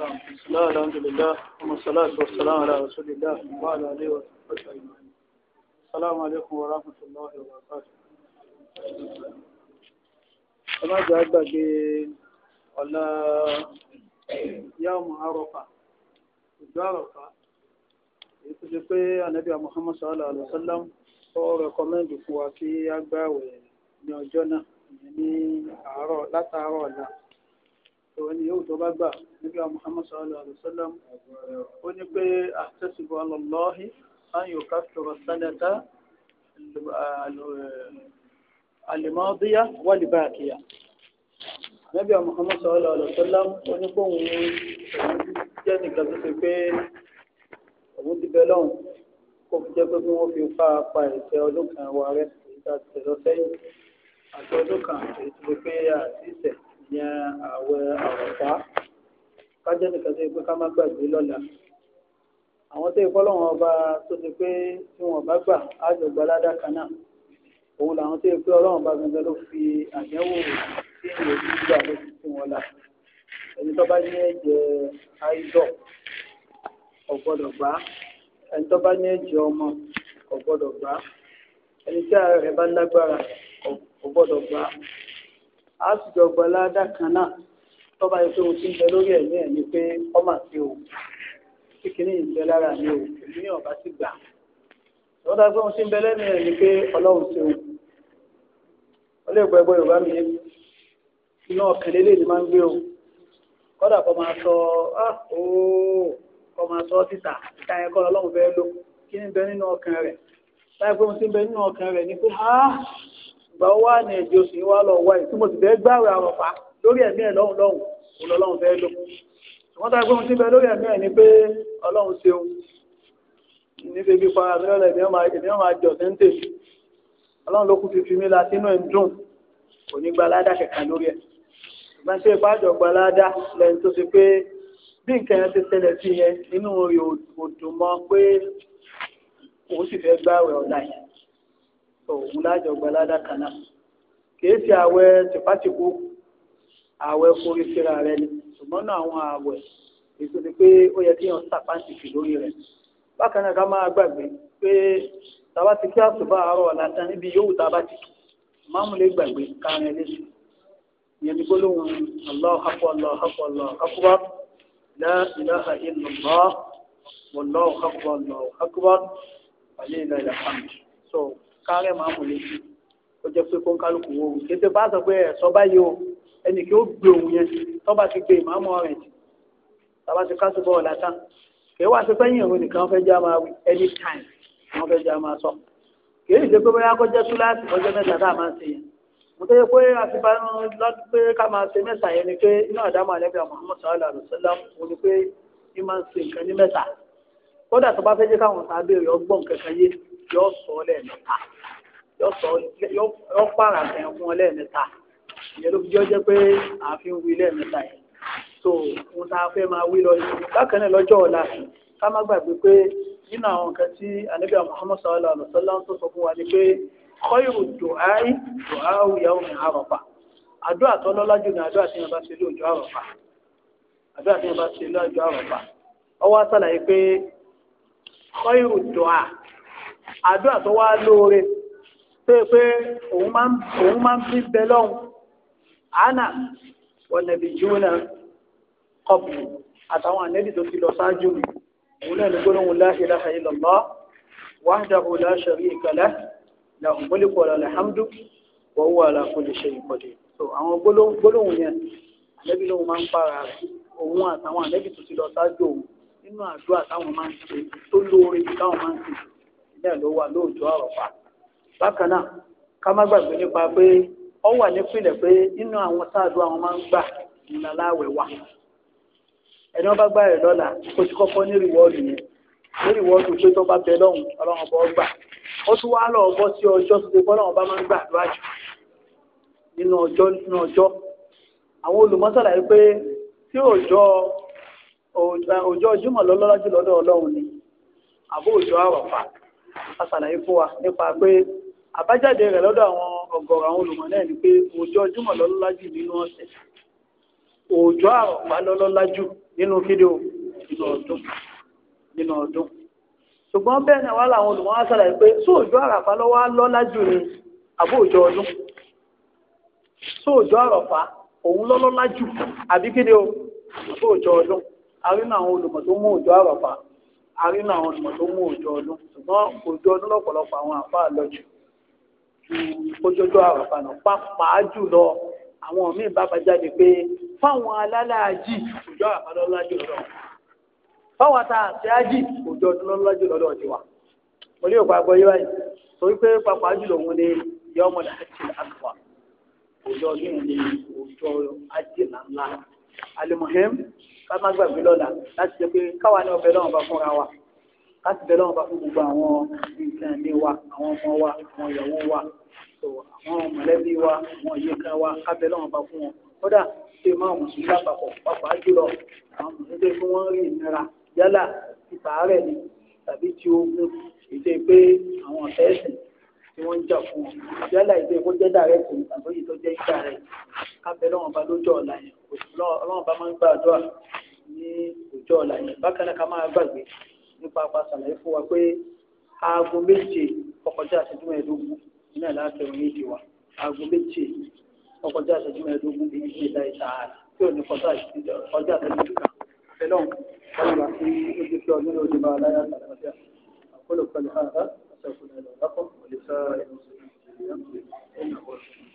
بسم السلام عليكم ورحمة الله وبركاته ọmọ ìjọ àgbàgbé ọ̀la yàmù àrọ̀fà ìjọ àrọ̀fà èyí tó ṣe pé anabi muhammad sallallahu alayhi wa sallam ó rẹkọmẹ́ndì fún wa kí a gbààwẹ̀ ní ọjọ́ náà ní àárọ̀ látàárọ̀ ọ̀la tòun ni yóò tó bá gbà níbi àwọn Muhammad sallallahu alayhi wa sallam ó ní pé àtẹ̀sìbò alọ́lọ́hì ayò ká sọ̀rọ̀ sálẹ̀tà alimọ́díyà wàlìbáàkìyà níbi àwọn Muhammad sallallahu alayhi wa sallam ó ní pé òun jẹ́ nìkan tó ṣe pé òun ti bẹ lọ́hùn kó fi jẹ́ pé kí wọ́n fi fa apá ẹ̀sẹ̀ ọdún kan wa rẹ̀ èyí tá àti ọdún kan èyí tó àti ìṣẹ̀ yẹn àwẹ̀ àrọ̀pá kájẹ́ nìkan tó yẹ pé ká má gbàgbé lọ́la àwọn tó yẹ fọlọ́wọn ọba tó ti pé tí wọn bá gbà á jọ gba ládàá kan náà òun làwọn tó yẹ pé ọlọ́run bá gbẹgbẹ ló fi àyẹ̀wò sí ìwé tí gbà ló fi wọn la ẹni tó bá ní ẹ̀jẹ̀ àìdọ̀ ọ̀gbọ́dọ̀ gbà ẹni tó bá ní ẹ̀jẹ̀ ọmọ ọ̀gbọ́dọ̀ gbà ẹni tí ààrẹ bá lágbára ọ̀gbọ́dọ̀ gbà a sì jọ gbọ́ ládà kan náà tọ́ba yìí pé o ti ń bẹ lórí ẹ̀mí ẹ̀ ni pé ọmọ àti o tí kìíní yìí ń bẹ lára mi o èmi ní ọ̀bá ti gbà lọ́wọ́ dáa pé o ti ń bẹ lẹ́mí ẹ̀ ni pé ọlọ́run ṣe o ó lè gbọ́ ẹgbẹ́ yorùbá mi iná ọ̀kẹ́lẹ́ lè ní máa ń gbé o kọ́dà kọ́ máa sọ ooo kọ́ máa sọ títà títà yẹn kọ́ ọlọ́run fẹ́ lò kí ni bẹ nínú ọkàn rẹ̀ láì pé o ti ń bẹ nínú ọkàn rẹ̀ ni pé gbà ó wà ní ẹjọ́ sì wá lọ wá ìtumọ̀ sì fẹ́ gbàwé àwọn fa lórí ẹ̀mí ẹ̀ lọ́hùn lọ́hùn olọ́lọ́hùn fẹ́ lò ṣùgbọ́n tá a gbé ohun tí bẹ lórí ẹ̀mí ẹ̀ ni pé ọlọ́hùn ṣeun ní bíbí para mi lọ́la èmi ọ̀ máa jọ tẹ́ńtẹ̀ ọlọ́hùn ló kú fífi mi la sínú ẹ̀ ń dùn kò ní gba aládà kẹ̀kẹ́ lórí ẹ̀ ṣùgbọ́n ṣé ìpàjọ́ gba aládà lẹ́yìn tó ṣe pé bí nǹkan ti ṣẹlẹ̀ sí yẹn nínú òdùnmọ́ pé òun sì fẹ́ gbàwé ọ̀la yẹn òun lájọ gbalada kan náà kìí ṣe àwẹ̀ tìpátìkú àwẹ̀ forí síra rẹ ni ṣùgbọ́n náà àwọn àwẹ̀ èso ni pé ó yẹ kí wọ́n sàpáǹtì fi lórí rẹ̀ bákan náà ká máa gbàgbé pé tàbá ti kí àsùbá àárọ̀ ọ̀làtàn níbi yòówù tàbá ti kí máàmù lè gbàgbé kárin ẹlẹ́sìn ìyẹn ní gbólóhùn Allahu akbar Allahu akbar Allahu akbar la ilaha illallah wallahu akbar Allahu akbar wa la ilaha illa kárẹ̀ máa mú létí ó jẹ́ pé kó ń kálukú wo òun kété bá sọ pé ẹ̀sọ́ báyìí o ẹnì kí ó gbé òun yẹn tọ́ba ti gbé ìmáàmù rẹ̀ jù tọ́ba ti kásù bọ́ọ̀ látàn kì í wá sí sẹ́yìn nìkan fẹ́ já máa wí anytime wọ́n fẹ́ já máa sọ kì í ṣe pé bóyá kó jẹ́ túláàsì kó jẹ́ mẹ́ta tá máa ń ṣe yẹn mo tẹ́ pé àti bá ń lọ pé ká máa ṣe mẹ́ta yẹn ni pé iná àdámọ̀ àlẹ́bí Muhammad sallallahu alaihi wasallam mo ní pé ní máa ń ṣe nǹkan ní mẹ́ta kódà tó bá fẹ́ jẹ́ káwọn sábẹ́ rẹ̀ ọgbọ́n kankan yé yọ sọ lẹ́ẹ̀mẹ́ta yọ pààrà kan fún ọ lẹ́ẹ̀mẹ́ta ìyẹn ló fi jọ jẹ́ pé ààfin wí lẹ́ẹ̀mẹ́ta yẹn so ohun tá a fẹ́ máa wí lọ yìí bákan náà lọ́jọ́ ọ̀la ká má gbàgbé pé nínú àwọn nǹkan tí anabi muhammad sallallahu alaihi wa sallam tó sọ fún wa ni pé khayru du'ai du'au yawm arafa àdúrà tó lọ́lá jù ní àdúrà tí wọ́n bá ṣe lóòjọ́ àrọ̀fà àdúrà tí wọ́n bá ṣe lóòjọ́ àrọ̀fà ọwọ́ àṣàlàyé pé khayru du'a àdúrà tó wá lóore tó yẹ pé òun máa ń fi bẹ lọ́hùn ana wọn nàbí júnà kọpù àtàwọn ànẹ́bí tó ti lọ ṣáájú mi òun náà ní gbólóhùn la ilaha illallah wahdahu la sharika lah lahul mulku wa lahul hamdu wa huwa ala kulli shay'in qadir so àwọn gbólóhùn yẹn ànẹ́bí lóhùn máa ń para rẹ̀ òun àtàwọn ànẹ́bí tó ti lọ ṣáájú òun nínú àdúrà táwọn máa ń ṣe tó lóore táwọn máa ń ṣe náà ló wà lóòjọ́ àrọ̀fà bákan náà ká má gbàgbé nípa pé ọ wà nípìnlẹ̀ pé inú àwọn sáàdù àwọn máa ń gbà wà ẹni wọn bá gbà rẹ̀ lọ́la ó ti kọ́kọ́ ní yẹn ní pé tó bá bẹ lọ́hùn ọlọ́run ọba ọgbà ó tún gbà lọ́àjù nínú ọjọ́ nínú ọjọ́ àwọn yìí pé tí lọ́lọ́lá jùlọ lọ́dọ̀ ọlọ́run ni a ṣàlàyé fún wa nípa pé àbájáde rẹ̀ lọ́dọ̀ àwọn ọ̀gọ̀rọ̀ àwọn olùmọ̀ náà ni pé ọjọ́ Jímọ̀ lọ́lọ́lájú nínú ọ̀sẹ̀ ọjọ́ Àrọ̀pá lọ́lọ́lájú nínú fídíò nínú ọdún nínú ọdún ṣùgbọ́n bẹ́ẹ̀ náà wá láwọn olùmọ̀ wá ṣàlàyé pé sóòjọ́ Àràfá lọ́wọ́ lọ́lájú ni àbó ọjọ́ ọdún sóòjọ́ Àràfá òun lọ́lọ́lájú àbí kíni o àbó ọjọ́ ọdún àrínà àwọn olùmọ̀ tó mú ọjọ́ Àràfá arínú àwọn ìmọ̀ tó mú òjò ọdún ṣùgbọ́n òjò ọdún lọ́pọ̀lọpọ̀ àwọn àfáà lọ jù ju kójójó àràfà náà pàápàá jùlọ àwọn míì bá bàjáde pé fáwọn alálàájì òjò àràfà lọ́lá jù lọ́dọ̀ fáwọn àtàtì ájì òjò ọdún lọ́lá jù lọ́dọ̀ tiwa mo ní òpá gbọ́ yíwáyì torí pé pàápàá jùlọ òun ni ìyá ọmọ làájì àgbà òjò ọdún ni òjò ájì ká má gbàgbé lọ́la láti jẹ́ pé káwa ní ọbẹ̀ lọ́wọ́ bá fúnra wa láti bẹ̀ lọ́wọ́ bá fún gbogbo àwọn nǹkan ilé wa àwọn ọmọ wa àwọn ìyàwó wa àwọn mọ̀lẹ́bí wa àwọn ìyíká wa ká bẹ̀ lọ́wọ́ bá fún wọn kódà ṣe máa mùsùlùmí lápapọ̀ pàápàá jùlọ àwọn mùsùlùmí pé wọ́n rí ìnira yálà ti sàárẹ̀ ni tàbí ti ogun ìṣe pé àwọn ọ̀tẹ̀ ẹ̀sìn tí wọ́n ń jà fún wọn yálà ìṣe kó jẹ́ dàrẹ́ kò tàbí ìtọ́jẹ́ ìjà rẹ̀ ká bẹ̀ lọ́wọ́ bá lójú ọ̀la yẹn ọlọ́wọ́ bá máa ń gbàdúrà ní ọjọ́ ọ̀la yẹn bákan náà ká máa gbàgbé nípa apá sàlàyé fún wa pé aago méje ọkọjá àṣẹjú mẹ́ẹ̀ẹ́dógún nínú ẹ̀ láti ẹ̀rọ méje wa aago méje ọkọjá àṣẹjú mẹ́ẹ̀ẹ́dógún bí ibi ìta ìta tí ò ní kọjá àṣẹjú kan fẹlọ́n ọlọ́wà sí ojú tí ọdún ló dé bá aláyà sàlàyé àkọlù pẹ̀lú ààrá àṣẹ òkúta ìlọ̀ lápọ̀ pẹ̀lú sáà ìlú sí ìlú